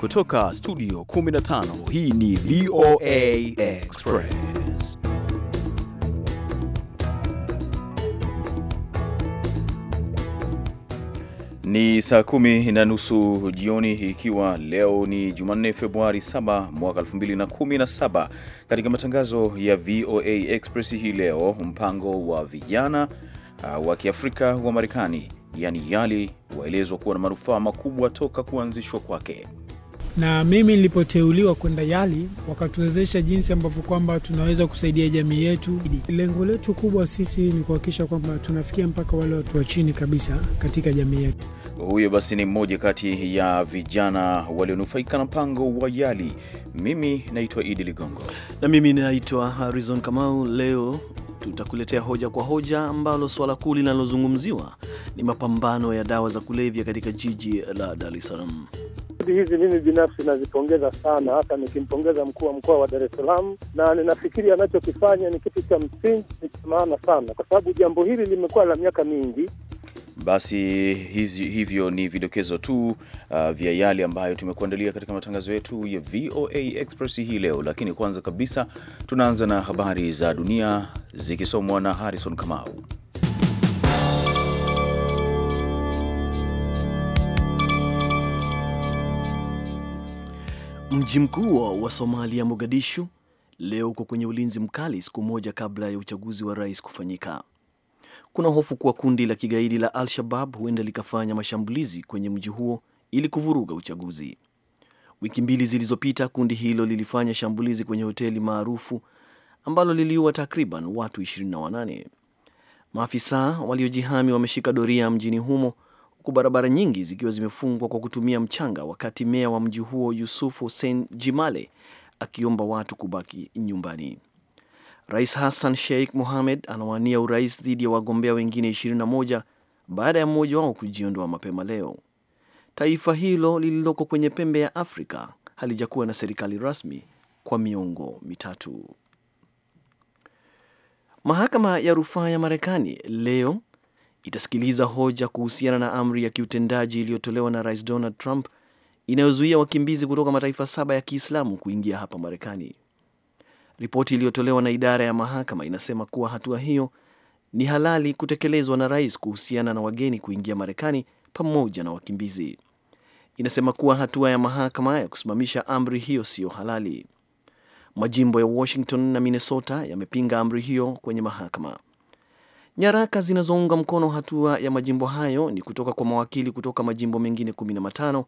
Kutoka studio 15 hii ni VOA Express. Ni saa kumi na nusu jioni, ikiwa leo ni Jumanne, Februari 7 mwaka 2017. Katika matangazo ya VOA Express hii leo, mpango wa vijana uh, wa Kiafrika wa Marekani, yani YALI, waelezwa kuwa na manufaa makubwa toka kuanzishwa kwake na mimi nilipoteuliwa kwenda YALI wakatuwezesha jinsi ambavyo kwamba tunaweza kusaidia jamii yetu. Lengo letu kubwa sisi ni kuhakikisha kwamba tunafikia mpaka wale watu wa chini kabisa katika jamii yetu. Huyo basi ni mmoja kati ya vijana walionufaika na mpango wa YALI. Mimi naitwa Idi Ligongo na mimi naitwa Harizon Kamau. Leo tutakuletea hoja kwa hoja, ambalo swala kuu linalozungumziwa ni mapambano ya dawa za kulevya katika jiji la Dar es Salaam juhudi hizi mimi binafsi nazipongeza sana, hasa nikimpongeza mkuu wa mkoa wa Dar es Salaam, na ninafikiri anachokifanya ni kitu cha msingi, ni cha maana sana, kwa sababu jambo hili limekuwa la miaka mingi. Basi hizi, hivyo ni vidokezo tu uh, vya yale ambayo tumekuandalia katika matangazo yetu ya VOA Express hii leo, lakini kwanza kabisa tunaanza na habari za dunia zikisomwa na Harrison Kamau. Mji mkuu wa Somalia, Mogadishu, leo uko kwenye ulinzi mkali, siku moja kabla ya uchaguzi wa rais kufanyika. Kuna hofu kuwa kundi la kigaidi la Al-Shabab huenda likafanya mashambulizi kwenye mji huo ili kuvuruga uchaguzi. Wiki mbili zilizopita, kundi hilo lilifanya shambulizi kwenye hoteli maarufu ambalo liliua takriban watu 28. Maafisa waliojihami wameshika doria mjini humo huku barabara nyingi zikiwa zimefungwa kwa kutumia mchanga, wakati meya wa mji huo Yusuf Hussein Jimale akiomba watu kubaki nyumbani. Rais Hassan Sheikh Mohamed anawania urais dhidi ya wagombea wengine 21 baada ya mmoja wao kujiondoa mapema leo. Taifa hilo lililoko kwenye pembe ya Afrika halijakuwa na serikali rasmi kwa miongo mitatu. Mahakama ya rufaa ya Marekani leo itasikiliza hoja kuhusiana na amri ya kiutendaji iliyotolewa na Rais Donald Trump inayozuia wakimbizi kutoka mataifa saba ya Kiislamu kuingia hapa Marekani. Ripoti iliyotolewa na idara ya mahakama inasema kuwa hatua hiyo ni halali kutekelezwa na rais kuhusiana na wageni kuingia Marekani pamoja na wakimbizi. Inasema kuwa hatua ya mahakama ya kusimamisha amri hiyo siyo halali. Majimbo ya Washington na Minnesota yamepinga amri hiyo kwenye mahakama. Nyaraka zinazounga mkono hatua ya majimbo hayo ni kutoka kwa mawakili kutoka majimbo mengine 15,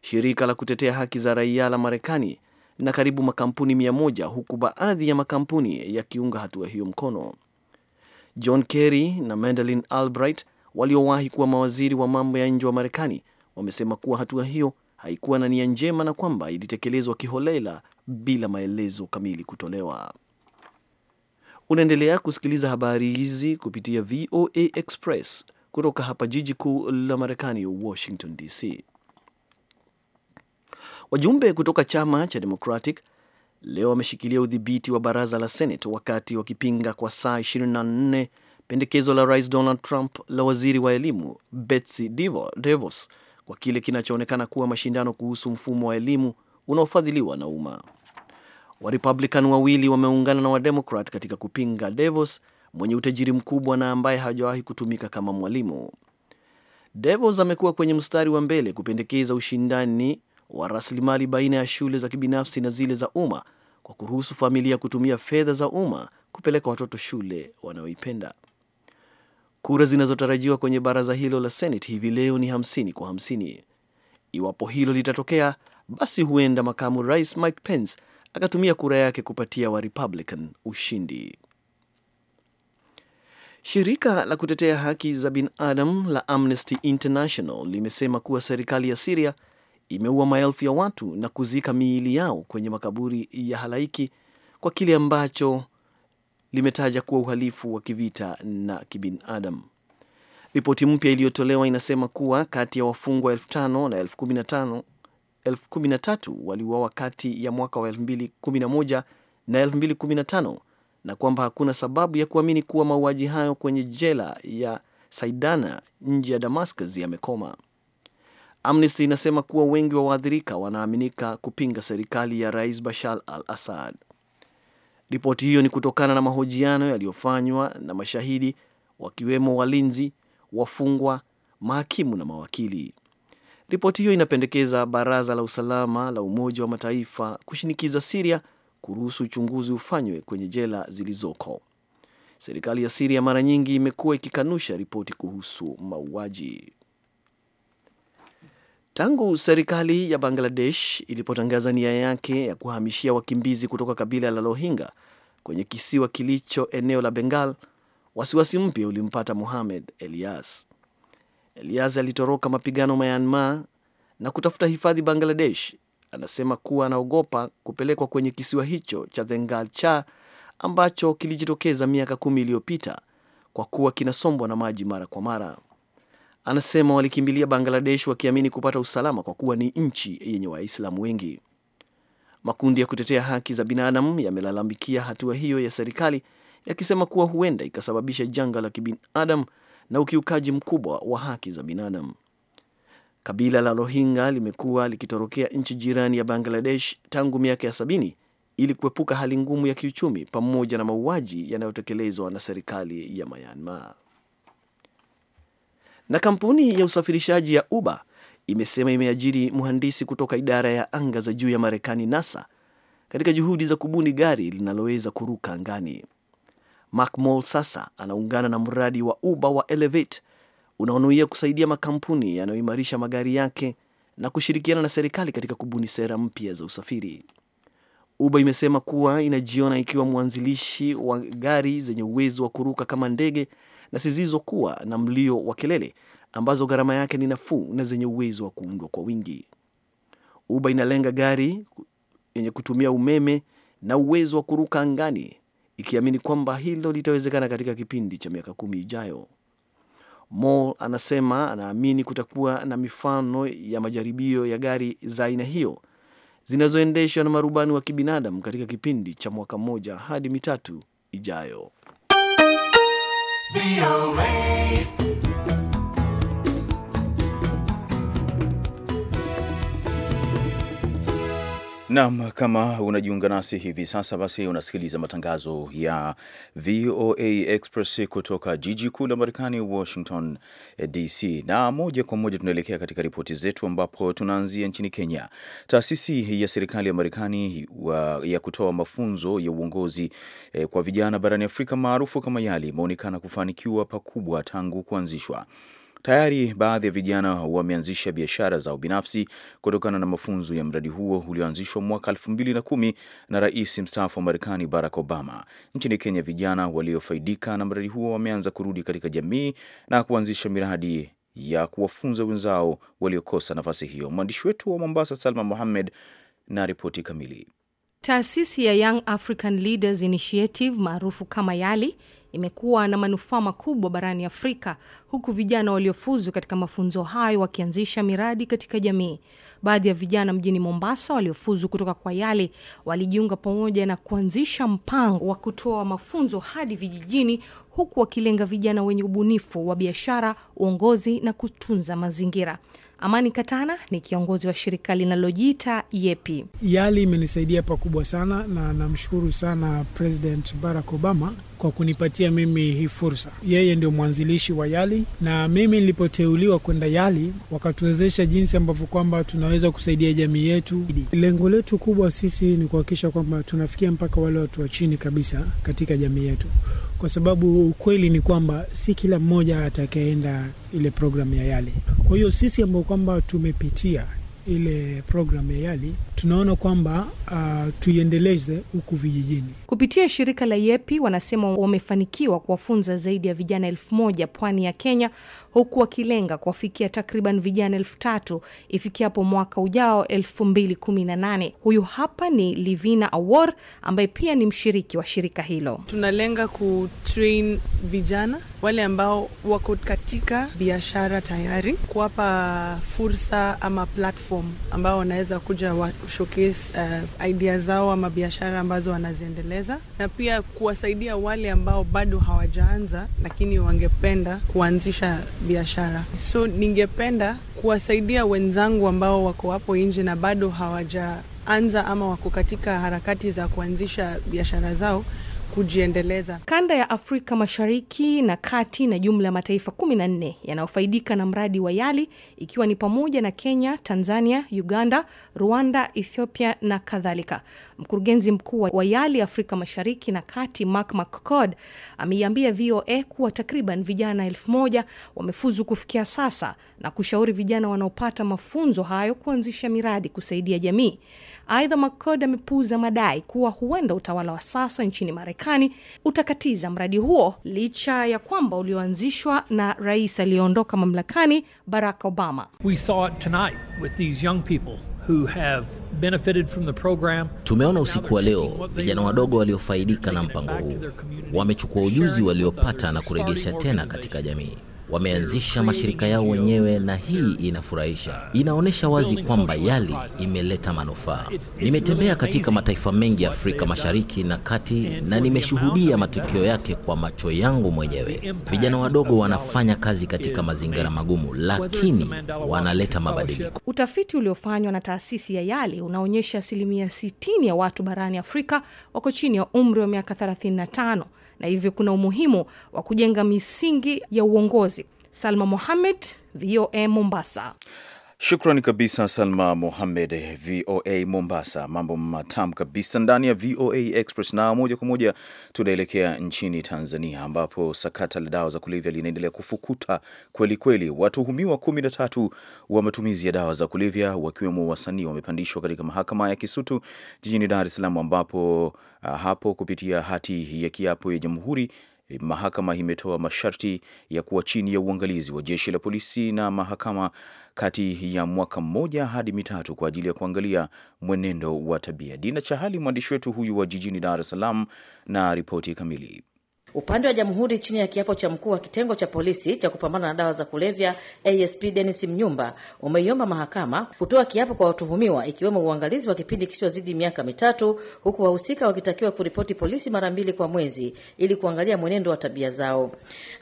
shirika la kutetea haki za raia la Marekani na karibu makampuni 100, huku baadhi ya makampuni yakiunga hatua hiyo mkono. John Kerry na Madeleine Albright waliowahi kuwa mawaziri wa mambo ya nje wa Marekani wamesema kuwa hatua hiyo haikuwa na nia njema na kwamba ilitekelezwa kiholela bila maelezo kamili kutolewa. Unaendelea kusikiliza habari hizi kupitia VOA Express kutoka hapa jiji kuu la Marekani, Washington DC. Wajumbe kutoka chama cha Democratic leo wameshikilia udhibiti wa baraza la Senate wakati wakipinga kwa saa 24 pendekezo la Rais Donald Trump la waziri wa elimu Betsy DeVos kwa kile kinachoonekana kuwa mashindano kuhusu mfumo wa elimu unaofadhiliwa na umma. Warepublican wawili wameungana na Wademokrat katika kupinga Devos mwenye utajiri mkubwa na ambaye hajawahi kutumika kama mwalimu. Devos amekuwa kwenye mstari wa mbele kupendekeza ushindani wa rasilimali baina ya shule za kibinafsi na zile za umma kwa kuruhusu familia kutumia fedha za umma kupeleka watoto shule wanaoipenda. Kura zinazotarajiwa kwenye baraza hilo la Senate hivi leo ni 50 kwa 50. Iwapo hilo litatokea, basi huenda makamu rais Mike Pence akatumia kura yake kupatia wa Republican ushindi. Shirika la kutetea haki za binadamu la Amnesty International limesema kuwa serikali ya Siria imeua maelfu ya watu na kuzika miili yao kwenye makaburi ya halaiki kwa kile ambacho limetaja kuwa uhalifu wa kivita na kibinadamu. Ripoti mpya iliyotolewa inasema kuwa kati ya wafungwa elfu tano na elfu kumi na tano 13 waliuawa kati ya mwaka wa 2011 na 2015 na kwamba hakuna sababu ya kuamini kuwa mauaji hayo kwenye jela ya Saidana nje ya Damascus yamekoma. Amnesty inasema kuwa wengi wa waathirika wanaaminika kupinga serikali ya Rais Bashar al-Assad. Ripoti hiyo ni kutokana na mahojiano yaliyofanywa na mashahidi wakiwemo walinzi, wafungwa, mahakimu na mawakili. Ripoti hiyo inapendekeza baraza la usalama la Umoja wa Mataifa kushinikiza Siria kuruhusu uchunguzi ufanywe kwenye jela zilizoko. Serikali ya Siria mara nyingi imekuwa ikikanusha ripoti kuhusu mauaji. Tangu serikali ya Bangladesh ilipotangaza nia yake ya kuhamishia wakimbizi kutoka kabila la Rohingya kwenye kisiwa kilicho eneo la Bengal, wasiwasi mpya ulimpata muhamed Elias. Elias alitoroka mapigano Myanmar na kutafuta hifadhi Bangladesh. Anasema kuwa anaogopa kupelekwa kwenye kisiwa hicho cha cha ambacho kilijitokeza miaka kumi iliyopita kwa kuwa kinasombwa na maji mara kwa mara. Anasema walikimbilia Bangladesh wakiamini kupata usalama kwa kuwa ni nchi yenye Waislamu wengi. Makundi ya kutetea haki za binadamu yamelalamikia hatua hiyo ya serikali yakisema kuwa huenda ikasababisha janga la kibinadamu na ukiukaji mkubwa wa haki za binadamu. Kabila la Rohingya limekuwa likitorokea nchi jirani ya Bangladesh tangu miaka ya sabini ili kuepuka hali ngumu ya kiuchumi pamoja na mauaji yanayotekelezwa na serikali ya Myanmar. Na kampuni ya usafirishaji ya Uber imesema imeajiri mhandisi kutoka idara ya anga za juu ya Marekani NASA katika juhudi za kubuni gari linaloweza kuruka angani. Mark sasa anaungana na mradi wa Uber wa Elevate unaonuia kusaidia makampuni yanayoimarisha magari yake na kushirikiana na serikali katika kubuni sera mpya za usafiri. Uber imesema kuwa inajiona ikiwa mwanzilishi wa gari zenye uwezo wa kuruka kama ndege na zisizokuwa na mlio wa kelele ambazo gharama yake ni nafuu na zenye uwezo wa kuundwa kwa wingi. Uber inalenga gari yenye kutumia umeme na uwezo wa kuruka angani ikiamini kwamba hilo litawezekana katika kipindi cha miaka kumi ijayo. Moore anasema anaamini kutakuwa na mifano ya majaribio ya gari za aina hiyo zinazoendeshwa na marubani wa kibinadamu katika kipindi cha mwaka mmoja hadi mitatu ijayo. Naam, kama unajiunga nasi hivi sasa, basi unasikiliza matangazo ya VOA Express kutoka jiji kuu la Marekani, Washington eh, DC, na moja kwa moja tunaelekea katika ripoti zetu, ambapo tunaanzia nchini Kenya. Taasisi ya serikali ya Marekani ya kutoa mafunzo ya uongozi eh, kwa vijana barani Afrika maarufu kama YALI imeonekana kufanikiwa pakubwa tangu kuanzishwa. Tayari baadhi ya vijana wameanzisha biashara zao binafsi kutokana na mafunzo ya mradi huo ulioanzishwa mwaka 21 na rais mstaafu wa Marekani Barack Obama. Nchini Kenya, vijana waliofaidika na mradi huo wameanza kurudi katika jamii na kuanzisha miradi ya kuwafunza wenzao waliokosa nafasi hiyo. Mwandishi wetu wa Mombasa, Salma Mohamed, na ripoti kamili. Taasisi ya Young African Leaders Initiative maarufu kama YALI imekuwa na manufaa makubwa barani Afrika, huku vijana waliofuzu katika mafunzo hayo wakianzisha miradi katika jamii. Baadhi ya vijana mjini Mombasa waliofuzu kutoka kwa yale walijiunga pamoja na kuanzisha mpango wa kutoa mafunzo hadi vijijini, huku wakilenga vijana wenye ubunifu wa biashara, uongozi na kutunza mazingira. Amani Katana ni kiongozi wa shirika linalojiita YEPI. YALI imenisaidia pakubwa sana, na namshukuru sana President Barack Obama kwa kunipatia mimi hii fursa. Yeye ndio mwanzilishi wa YALI na mimi nilipoteuliwa kwenda YALI wakatuwezesha jinsi ambavyo kwamba tunaweza kusaidia jamii yetu. Lengo letu kubwa sisi ni kuhakikisha kwamba tunafikia mpaka wale watu wa chini kabisa katika jamii yetu kwa sababu ukweli ni kwamba si kila mmoja atakayeenda ile programu ya YALI. Kwa hiyo sisi ambao kwamba tumepitia ile programu ya YALI tunaona kwamba uh, tuiendeleze huku vijijini kupitia shirika la YEPI. Wanasema wamefanikiwa kuwafunza zaidi ya vijana elfu moja pwani ya Kenya huku wakilenga kuwafikia takriban vijana elfu tatu ifikiapo mwaka ujao elfu mbili kumi na nane. Huyu hapa ni Livina awar ambaye pia ni mshiriki wa shirika hilo. Tunalenga kutrain vijana wale ambao wako katika biashara tayari, kuwapa fursa ama platform ambao wanaweza kuja washokes uh, idea zao ama biashara ambazo wanaziendeleza, na pia kuwasaidia wale ambao bado hawajaanza lakini wangependa kuanzisha biashara. So ningependa kuwasaidia wenzangu ambao wako hapo nje na bado hawajaanza ama wako katika harakati za kuanzisha biashara zao kujiendeleza. Kanda ya Afrika Mashariki na Kati na jumla ya mataifa 14 yanayofaidika na mradi wa YALI ikiwa ni pamoja na Kenya, Tanzania, Uganda, Rwanda, Ethiopia na kadhalika. Mkurugenzi mkuu wa YALI Afrika Mashariki na Kati Mark mccod ameiambia VOA kuwa takriban vijana 1 wamefuzu kufikia sasa na kushauri vijana wanaopata mafunzo hayo kuanzisha miradi kusaidia jamii. Aidha, McCord amepuuza madai kuwa huenda utawala wa sasa nchini Marekani Marekani utakatiza mradi huo licha ya kwamba ulioanzishwa na rais aliyeondoka mamlakani Barack Obama. We saw it tonight with these young people who have benefited from the program. Tumeona usiku wa leo vijana wadogo waliofaidika na mpango huu wamechukua ujuzi waliopata na kuregesha tena katika jamii wameanzisha mashirika yao wenyewe, na hii inafurahisha. Inaonyesha wazi kwamba YALI imeleta manufaa. Nimetembea katika mataifa mengi ya Afrika Mashariki na Kati na nimeshuhudia matukio yake kwa macho yangu mwenyewe. Vijana wadogo wanafanya kazi katika mazingira magumu, lakini wanaleta mabadiliko. Utafiti uliofanywa na taasisi ya YALI unaonyesha asilimia 60 ya watu barani Afrika wako chini ya umri wa miaka 35 na hivyo kuna umuhimu wa kujenga misingi ya uongozi. Salma Mohamed, VOA Mombasa. Shukrani kabisa Salma Mohamed, VOA Mombasa. Mambo matamu kabisa ndani ya VOA Express, na moja kwa moja tunaelekea nchini Tanzania, ambapo sakata la dawa za kulevya linaendelea kufukuta kwelikweli. Watuhumiwa kumi na tatu wa matumizi ya dawa za kulevya wakiwemo wasanii wamepandishwa katika mahakama ya Kisutu jijini Dar es Salaam, ambapo Ah, hapo kupitia hati ya kiapo ya jamhuri eh, mahakama imetoa masharti ya kuwa chini ya uangalizi wa jeshi la polisi na mahakama kati ya mwaka mmoja hadi mitatu kwa ajili ya kuangalia mwenendo wa tabia. Dina Chahali, mwandishi wetu huyu wa jijini Dar es Salaam, na ripoti kamili. Upande wa jamhuri chini ya kiapo cha mkuu wa kitengo cha polisi cha kupambana na dawa za kulevya ASP denis Mnyumba umeiomba mahakama kutoa kiapo kwa watuhumiwa ikiwemo uangalizi wa kipindi kisichozidi miaka mitatu, huku wahusika wakitakiwa kuripoti polisi mara mbili kwa mwezi ili kuangalia mwenendo wa tabia zao.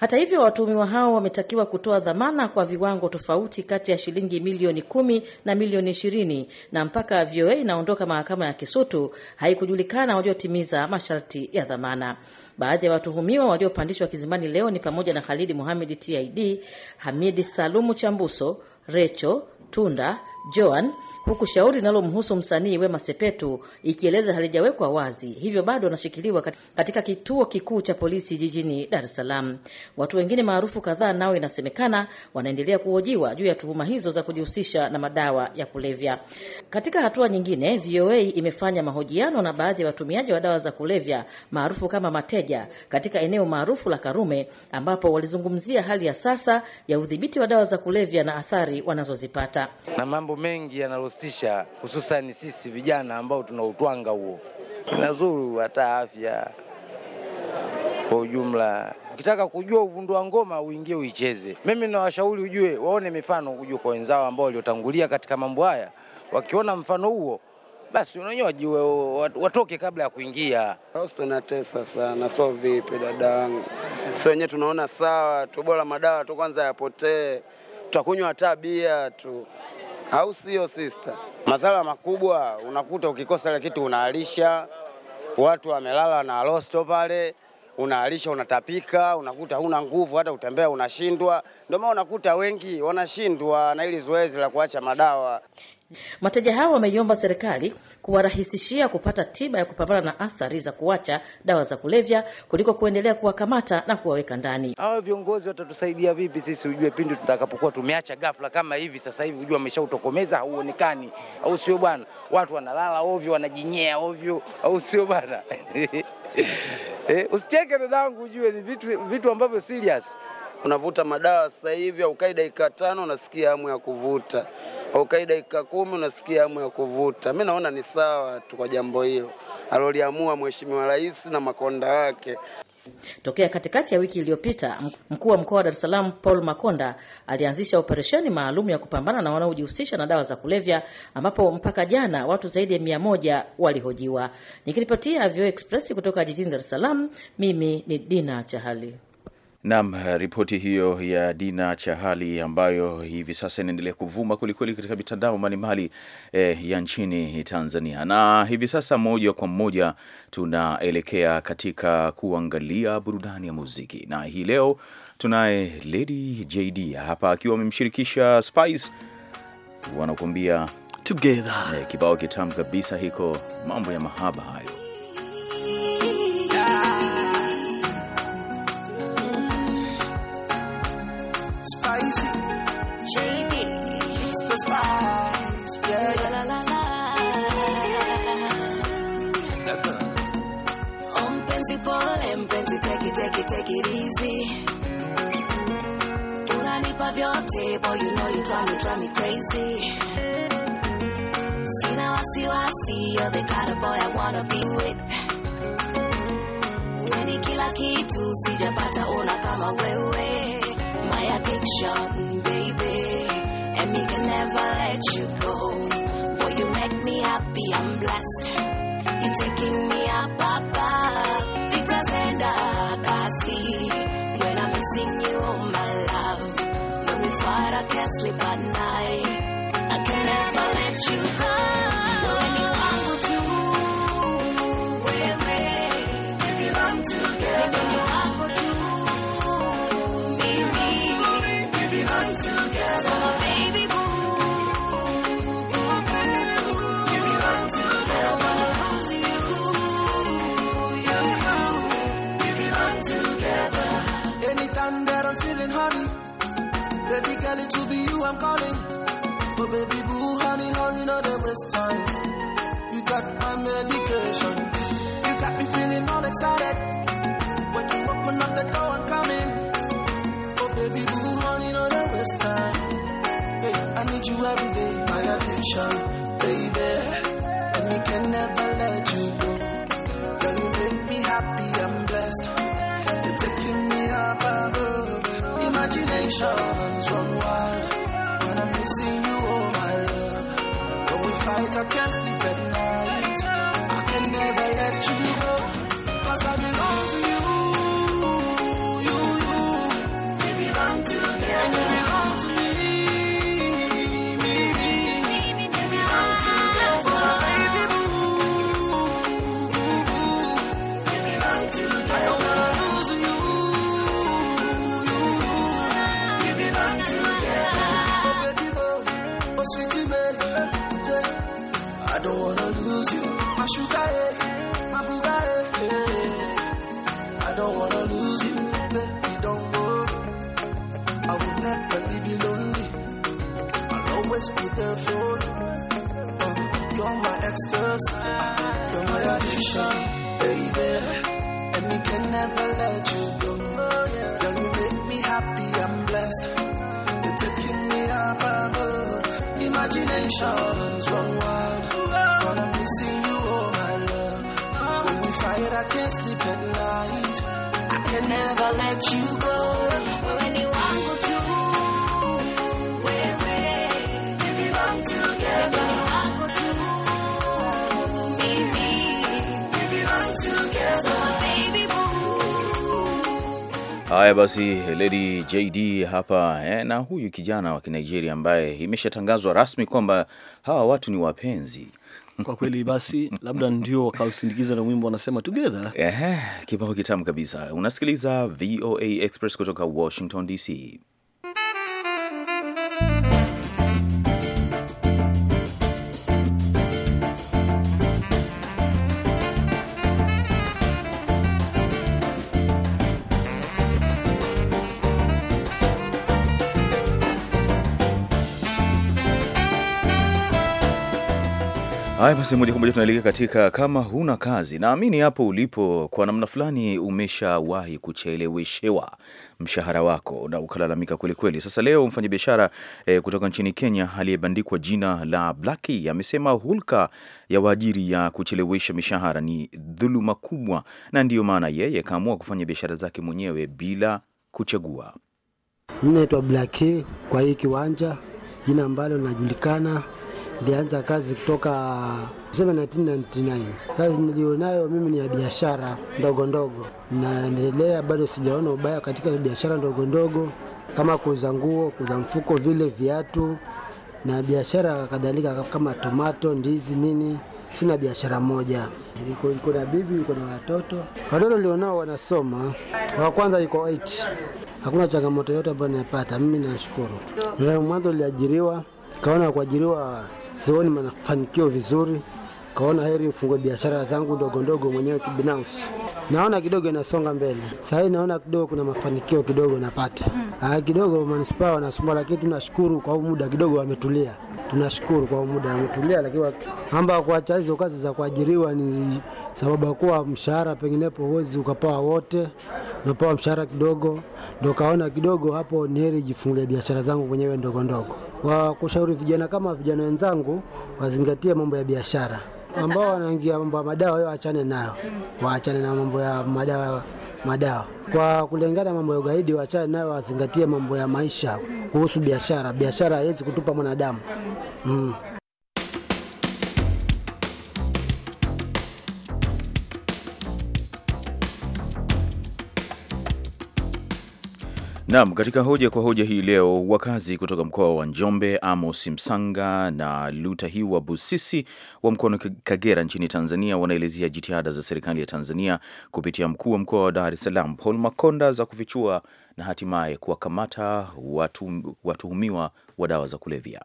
Hata hivyo, watuhumiwa hao wametakiwa kutoa dhamana kwa viwango tofauti kati ya shilingi milioni kumi na milioni ishirini na mpaka VOA inaondoka mahakama ya Kisutu haikujulikana waliotimiza masharti ya dhamana. Baadhi ya watuhumiwa waliopandishwa kizimbani leo ni pamoja na Khalidi muhamedi TID, Hamidi Salumu Chambuso, Recho Tunda, Joan huku shauri linalomhusu msanii Wema Sepetu ikieleza halijawekwa wazi, hivyo bado anashikiliwa katika kituo kikuu cha polisi jijini Dar es Salaam. Watu wengine maarufu kadhaa nao inasemekana wanaendelea kuhojiwa juu ya tuhuma hizo za kujihusisha na madawa ya kulevya. Katika hatua nyingine, VOA imefanya mahojiano na baadhi ya watumiaji wa dawa za kulevya maarufu kama mateja katika eneo maarufu la Karume, ambapo walizungumzia hali ya sasa ya udhibiti wa dawa za kulevya na athari wanazozipata na mambo mengi yanalos kusitisha, hususan sisi vijana ambao tunautwanga huo. Inazuru hata afya kwa ujumla. Ukitaka kujua uvundo wa ngoma uingie uicheze. Mimi nawashauri ujue, waone mifano ujue kwa wenzao ambao waliotangulia katika mambo haya, wakiona mfano huo basi wajue watoke kabla ya kuingia. Rosto inatesa sana. So vipi dada wangu, si wenyewe tunaona sawa tu, bora madawa tu kwanza yapotee, tutakunywa tabia tu au sio sister? Masala makubwa unakuta ukikosa ile kitu unaalisha, watu wamelala na rosto pale, unaalisha unatapika, unakuta huna nguvu, hata utembea unashindwa. Ndio maana unakuta wengi wanashindwa na ili zoezi la kuacha madawa. Wateja hao wameiomba serikali kuwarahisishia kupata tiba ya kupambana na athari za kuacha dawa za kulevya kuliko kuendelea kuwakamata na kuwaweka ndani. Hawa viongozi watatusaidia vipi sisi? Ujue pindi tutakapokuwa tumeacha ghafla kama hivi sasa hivi, ujue ameshautokomeza hauonekani, au sio bwana? Watu wanalala ovyo, wanajinyea ovyo, au sio bwana? Eh, usicheke dadangu, ujue ni vitu, vitu ambavyo serious. Unavuta madawa sasa hivi, au dakika tano unasikia hamu ya kuvuta Ukai dakika kumi unasikia hamu ya kuvuta. Mi naona ni sawa tu kwa jambo hilo aloliamua Mheshimiwa Rais na makonda wake. Tokea katikati ya wiki iliyopita, mkuu wa mkoa wa Dar es Salaam Paul Makonda alianzisha operesheni maalum ya kupambana na wanaojihusisha na dawa za kulevya, ambapo mpaka jana watu zaidi ya mia moja walihojiwa. Nikiripotia Avio Express kutoka jijini Dar es Salaam, mimi ni Dina Chahali. Naam, ripoti hiyo ya Dina Chahali ambayo hivi sasa inaendelea kuvuma kwelikweli katika mitandao mbalimbali eh, ya nchini Tanzania. Na hivi sasa moja kwa moja tunaelekea katika kuangalia burudani ya muziki, na hii leo tunaye Lady JD hapa akiwa amemshirikisha Spice, wanakuambia together, eh, kibao kitamu kabisa hiko, mambo ya mahaba hayo. boy, you know you drive me, drive me crazy. See now I see what I see, you're the kind of boy I wanna be with. When kill a key Nini kila kitu sijapata una kama away. my addiction baby, and me can never let you I'm calling. But oh, baby boo, honey, hurry, no they waste time. You got my medication. You got me feeling all excited. my I don't wanna lose you, baby, don't go. I will never leave you lonely. I'll always be there for you. Uh, you're my ecstasy, you're my addiction, baby. And we can never let you go. Girl, you make me happy, I'm blessed taking me up above. Imaginations run wild. I can't sleep at night. I can never let you go. When you want to, we belong together. Haya basi, Lady JD hapa eh, na huyu kijana wa Kinigeria ambaye imeshatangazwa rasmi kwamba hawa watu ni wapenzi kwa kweli. Basi labda ndio wakausindikiza na wimbo wanasema together. Ehe, kibao kitamu kabisa. Unasikiliza VOA Express kutoka Washington DC. Haya basi, moja kwa moja tunaelekea katika kama huna kazi. Naamini hapo ulipo, kwa namna fulani umeshawahi kucheleweshewa mshahara wako na ukalalamika kwelikweli. Sasa leo mfanyabiashara e, kutoka nchini Kenya aliyebandikwa jina la Blaki amesema hulka ya waajiri ya kuchelewesha mishahara ni dhuluma kubwa, na ndiyo maana yeye akaamua kufanya biashara zake mwenyewe bila kuchagua. Mi naitwa Blaki kwa hii kiwanja, jina ambalo linajulikana nilianza kazi kutoka sema 1999. Kazi nilionayo mimi ni ya biashara ndogo ndogo, naendelea bado, sijaona ubaya katika biashara ndogo ndogo kama kuuza nguo, kuuza mfuko, vile viatu na biashara kadhalika kama tomato, ndizi, nini. Sina biashara moja, iko na bibi, iko na watoto. Watoto nilionao wanasoma, wa kwanza iko 8. Hakuna changamoto yote ambayo ninapata mimi, nashukuru. Mwanzo niliajiriwa, kaona kuajiriwa sioni mafanikio vizuri, kaona heri nifungue biashara zangu ndogo ndogo mwenyewe kibinafsi. Naona kidogo inasonga mbele. sahii, naona kidogo kuna mafanikio kidogo napata. mm. kidogo manispaa wanasumbua, lakini tunashukuru kwa muda kidogo wametulia. Tunashukuru kwa muda wametulia, lakini amba kuacha hizo kazi za kuajiriwa ni sababu ya kuwa mshahara penginepo huwezi ukapawa wote, unapawa mshahara kidogo, ndo kaona kidogo hapo ni heri jifungulia biashara zangu mwenyewe ndogo ndogo wa kushauri vijana kama vijana wenzangu wazingatie mambo ya biashara, ambao wanaingia mambo ya madawa hiyo waachane nayo, waachane na mambo ya madawa madawa kwa kulingana mambo ya ugaidi, waachane nayo, wazingatie mambo ya maisha kuhusu biashara. Biashara haiwezi kutupa mwanadamu mm. Naam, katika hoja kwa hoja hii leo, wakazi kutoka mkoa wa Njombe, Amos Msanga na Lutahiwa Busisi wa mkoani Kagera nchini Tanzania wanaelezea jitihada za serikali ya Tanzania kupitia mkuu wa mkoa wa Dar es Salaam Paul Makonda za kufichua na hatimaye kuwakamata watu watuhumiwa wa dawa za kulevya.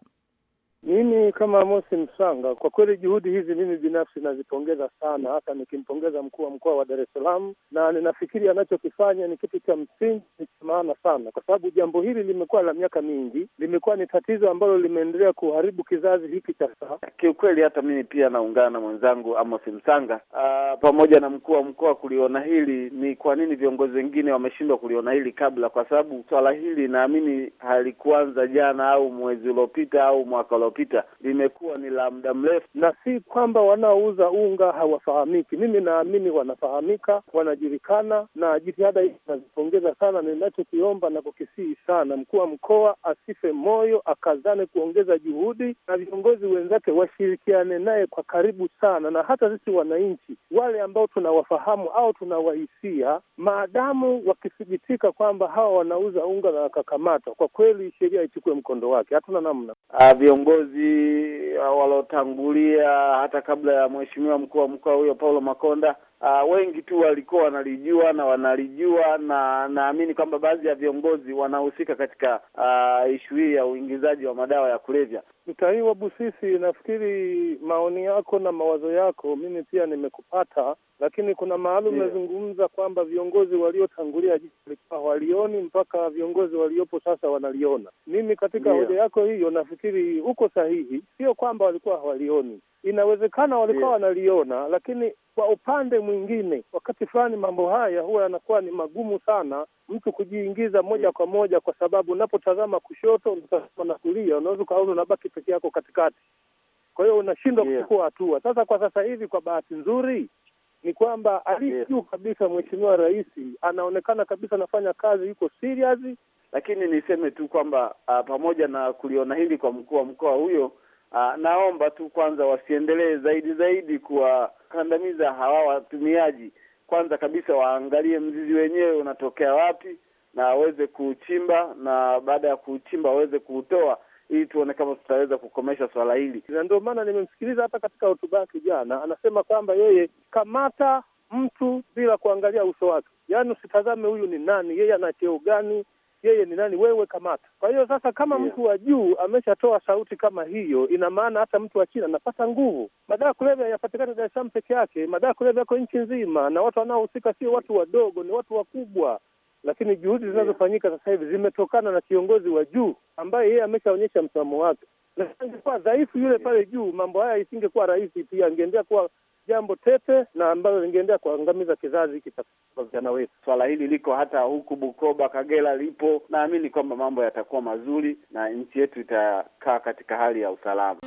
Mimi kama Mosi Msanga, kwa kweli juhudi hizi mimi binafsi nazipongeza sana, hasa nikimpongeza mkuu wa mkoa wa Dar es Salaam, na ninafikiri anachokifanya ni kitu cha msingi, ni cha maana sana, kwa sababu jambo hili limekuwa la miaka mingi, limekuwa ni tatizo ambalo limeendelea kuharibu kizazi hiki cha sasa. Kiukweli hata mimi pia naungana na mwenzangu Amos Msanga aa, ah, pamoja na mkuu wa mkoa kuliona hili. Ni kwa nini viongozi wengine wameshindwa kuliona hili kabla? Kwa sababu swala hili naamini halikuanza jana au mwezi uliopita au mwaka uliopita lililopita limekuwa ni la muda mrefu, na si kwamba wanaouza unga hawafahamiki. Mimi naamini wanafahamika, wanajulikana, na jitihada hizi nazipongeza sana. Ninachokiomba na kukisihi sana, mkuu wa mkoa asife moyo, akazane kuongeza juhudi, na viongozi wenzake washirikiane naye kwa karibu sana, na hata sisi wananchi wale ambao tunawafahamu au tunawahisia, maadamu wakithibitika kwamba hawa wanauza unga na wakakamatwa, kwa kweli sheria ichukue mkondo wake. Hatuna namna. Ah, viongozi viongozi uh, walotangulia hata kabla ya mheshimiwa mkuu wa mkoa huyo Paulo Makonda. Uh, wengi tu walikuwa wanalijua na wanalijua, na naamini kwamba baadhi ya viongozi wanahusika katika uh, ishu hii ya uingizaji wa madawa ya kulevya mtaani wa Busisi. Nafikiri maoni yako na mawazo yako mimi pia nimekupata lakini kuna maalum umezungumza yeah, kwamba viongozi waliotangulia jicho hawalioni mpaka viongozi waliopo sasa wanaliona. Mimi katika yeah, hoja yako hiyo nafikiri uko sahihi, sio kwamba walikuwa hawalioni inawezekana walikuwa yeah, wanaliona, lakini kwa upande mwingine, wakati fulani mambo haya huwa yanakuwa ni magumu sana mtu kujiingiza moja yeah, kwa moja, kwa sababu unapotazama kushoto, unatazama na kulia, unaweza ukaona unabaki peke yako katikati, kwa hiyo unashindwa yeah, kuchukua hatua. Sasa kwa sasa hivi, kwa bahati nzuri, ni kwamba aliye juu kabisa, mheshimiwa rais, anaonekana kabisa anafanya kazi, yuko serious. Lakini niseme tu kwamba uh, pamoja na kuliona hili kwa mkuu wa mkoa huyo uh, naomba tu kwanza wasiendelee zaidi zaidi kuwakandamiza hawa watumiaji. Kwanza kabisa waangalie mzizi wenyewe unatokea wapi, na waweze kuuchimba, na baada ya kuuchimba waweze kuutoa ili tuone kama tutaweza kukomesha swala hili, na ndio maana nimemsikiliza hata katika hotuba yake jana, anasema kwamba yeye kamata mtu bila kuangalia uso wake, yaani usitazame huyu ni nani, yeye ana cheo gani, yeye ni nani, wewe kamata. Kwa hiyo sasa, kama yeah, mtu wa juu ameshatoa sauti kama hiyo, ina maana hata mtu wa chini anapata nguvu. Madawa ya kulevya hayapatikani Dar es Salaam peke yake, madawa kulevya yako nchi nzima, na watu wanaohusika sio watu wadogo, ni watu wakubwa lakini juhudi zinazofanyika sasa hivi zimetokana na kiongozi wa juu ambaye yeye ameshaonyesha msimamo wake, na angekuwa dhaifu yule pale juu, mambo haya isingekuwa rahisi, pia angeendelea kuwa jambo tete na ambalo lingeendelea kuangamiza kizazi hiki cha vijana wetu. Swala hili liko hata huku Bukoba, Kagera lipo. Naamini kwamba mambo yatakuwa mazuri na nchi yetu itakaa katika hali ya usalama.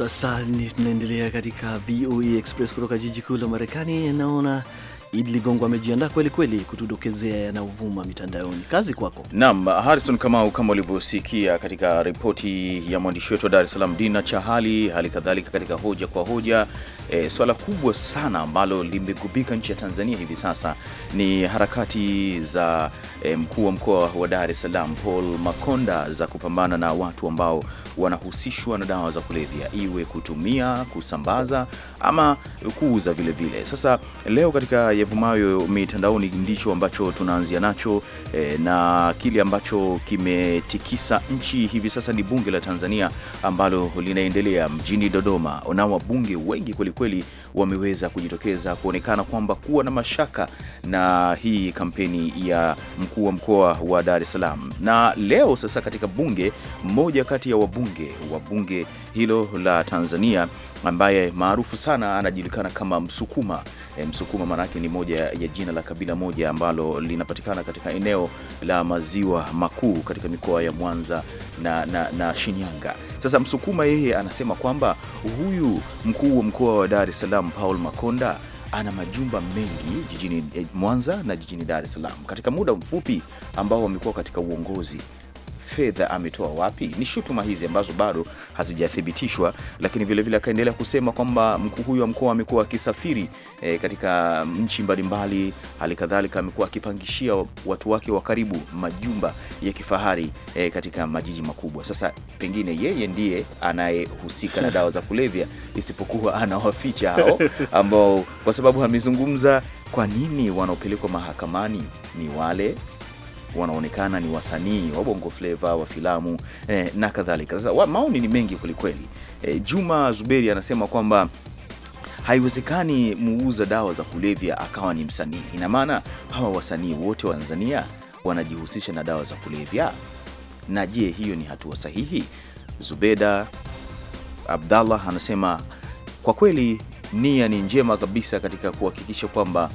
Sasa ni tunaendelea katika VOA e Express kutoka jiji kuu la Marekani. Naona Idi Ligongo amejiandaa kweli kweli kutudokezea yanayovuma mitandaoni. Kazi kwako. Naam, Harrison Kamau, kama ulivyosikia katika ripoti ya mwandishi wetu wa Dar es Salaam Dina Chahali, hali kadhalika katika hoja kwa hoja, e, swala kubwa sana ambalo limegubika nchi ya Tanzania hivi sasa ni harakati za e, mkuu wa mkoa wa Dar es Salaam Paul Makonda za kupambana na watu ambao wanahusishwa na dawa za kulevya, iwe kutumia, kusambaza ama kuuza vilevile vile. Sasa leo katika yavumayo mitandaoni ndicho ambacho tunaanzia nacho e, na kile ambacho kimetikisa nchi hivi sasa ni bunge la Tanzania ambalo linaendelea mjini Dodoma, na wabunge wengi kwelikweli wameweza kujitokeza kuonekana kwamba kuwa na mashaka na hii kampeni ya mkuu wa mkoa wa Dar es Salaam. Na leo sasa katika bunge, mmoja kati ya wabunge mbunge wa bunge hilo la Tanzania ambaye maarufu sana anajulikana kama Msukuma. E, Msukuma maanake ni moja ya jina la kabila moja ambalo linapatikana katika eneo la maziwa makuu katika mikoa ya Mwanza na, na, na Shinyanga. Sasa Msukuma yeye anasema kwamba huyu mkuu wa mkoa wa Dar es Salaam Paul Makonda ana majumba mengi jijini eh, Mwanza na jijini Dar es Salaam. Katika muda mfupi ambao wamekuwa katika uongozi, fedha ametoa wapi? Ni shutuma hizi ambazo bado hazijathibitishwa, lakini vilevile akaendelea kusema kwamba mkuu huyo wa mkoa amekuwa akisafiri e, katika nchi mbalimbali, hali kadhalika amekuwa akipangishia watu wake wa karibu majumba ya kifahari e, katika majiji makubwa. Sasa pengine yeye ndiye anayehusika na dawa za kulevya, isipokuwa anawaficha hao ambao, kwa sababu amezungumza, kwa nini wanaopelekwa mahakamani ni wale wanaonekana ni wasanii wa bongo fleva wa filamu eh, na kadhalika. Sasa maoni ni mengi kwelikweli. Eh, Juma Zuberi anasema kwamba haiwezekani muuza dawa za kulevya akawa ni msanii. Ina maana hawa wasanii wote wa Tanzania wanajihusisha na dawa za kulevya? Na je, hiyo ni hatua sahihi? Zubeda Abdallah anasema kwa kweli nia ni njema kabisa katika kuhakikisha kwamba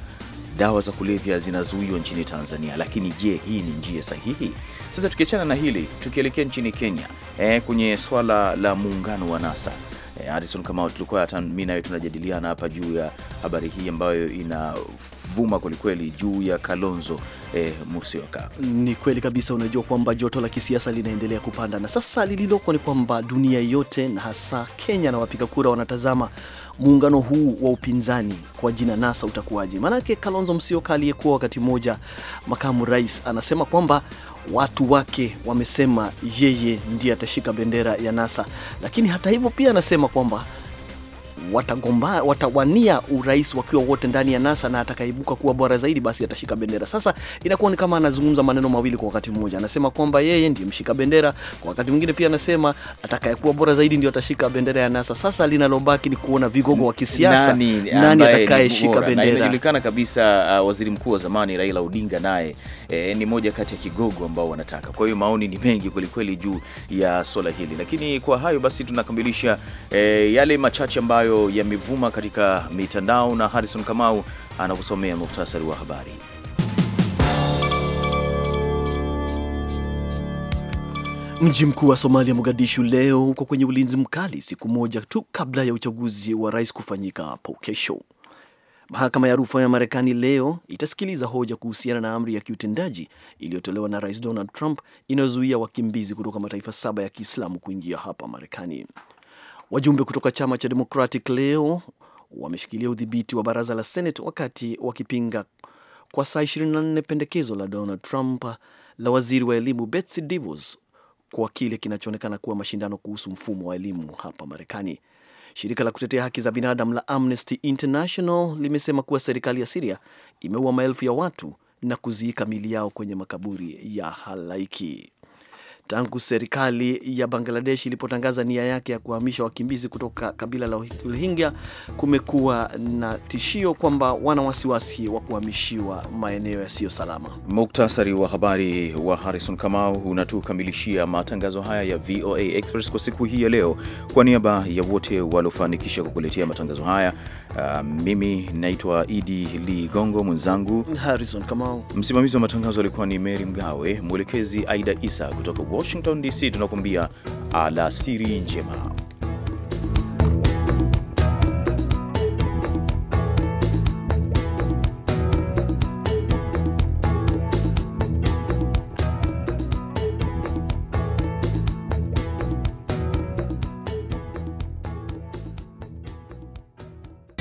dawa za kulevya zinazuiwa nchini Tanzania, lakini je, hii ni njia sahihi? Sasa tukiachana na hili, tukielekea nchini Kenya eh, kwenye swala la muungano wa NASA e, Harrison tulikuwa hata mimi nawe tunajadiliana hapa juu ya habari hii ambayo inavuma kwelikweli juu ya Kalonzo eh, Musyoka. Ni kweli kabisa, unajua kwamba joto la kisiasa linaendelea kupanda, na sasa lililoko ni kwamba dunia yote na hasa Kenya na wapiga kura wanatazama muungano huu wa upinzani kwa jina NASA utakuwaje? Maanake Kalonzo Musyoka aliyekuwa wakati mmoja makamu rais anasema kwamba watu wake wamesema yeye ndiye atashika bendera ya NASA, lakini hata hivyo pia anasema kwamba watagomba watawania urais wakiwa wote ndani ya NASA na atakaibuka kuwa bora zaidi basi atashika bendera. Sasa inakuwa ni kama anazungumza maneno mawili kwa wakati mmoja, anasema kwamba yeye ndiye mshika bendera, kwa wakati mwingine pia anasema atakayekuwa bora zaidi ndio atashika bendera ya NASA. Sasa linalobaki ni kuona vigogo wa kisiasa nani, nani atakayeshika bendera. Na inajulikana kabisa, uh, waziri mkuu wa zamani Raila Odinga naye e, ni moja kati ya kigogo ambao wanataka. Kwa hiyo maoni ni mengi kwelikweli juu ya swala hili, lakini kwa hayo basi tunakamilisha e, yale machache ambayo yamevuma katika mitandao, na Harrison Kamau anakusomea muhtasari wa habari. Mji mkuu wa Somalia, Mogadishu, leo uko kwenye ulinzi mkali, siku moja tu kabla ya uchaguzi wa rais kufanyika hapo kesho. Mahakama ya rufaa ya Marekani leo itasikiliza hoja kuhusiana na amri ya kiutendaji iliyotolewa na Rais Donald Trump inayozuia wakimbizi kutoka mataifa saba ya Kiislamu kuingia hapa Marekani. Wajumbe kutoka chama cha Democratic leo wameshikilia udhibiti wa baraza la Senate wakati wakipinga kwa saa 24 pendekezo la Donald Trump la waziri wa elimu Betsy DeVos kwa kile kinachoonekana kuwa mashindano kuhusu mfumo wa elimu hapa Marekani. Shirika la kutetea haki za binadamu la Amnesty International limesema kuwa serikali ya Siria imeua maelfu ya watu na kuziika mili yao kwenye makaburi ya halaiki tangu serikali ya Bangladesh ilipotangaza nia yake ya kuhamisha wakimbizi kutoka kabila la Rohingya, kumekuwa na tishio kwamba wana wasiwasi wa kuhamishiwa maeneo yasiyo salama. Muktasari wa habari wa Harrison Kamau unatukamilishia matangazo haya ya VOA Express kwa siku hii ya leo. Kwa niaba ya wote waliofanikisha kukuletea matangazo haya Uh, mimi naitwa Idi Ligongo, mwenzangu Harrison Kamau, msimamizi wa matangazo alikuwa ni Mary Mgawe, mwelekezi Aida Isa kutoka Washington DC. Tunakuambia alasiri njema.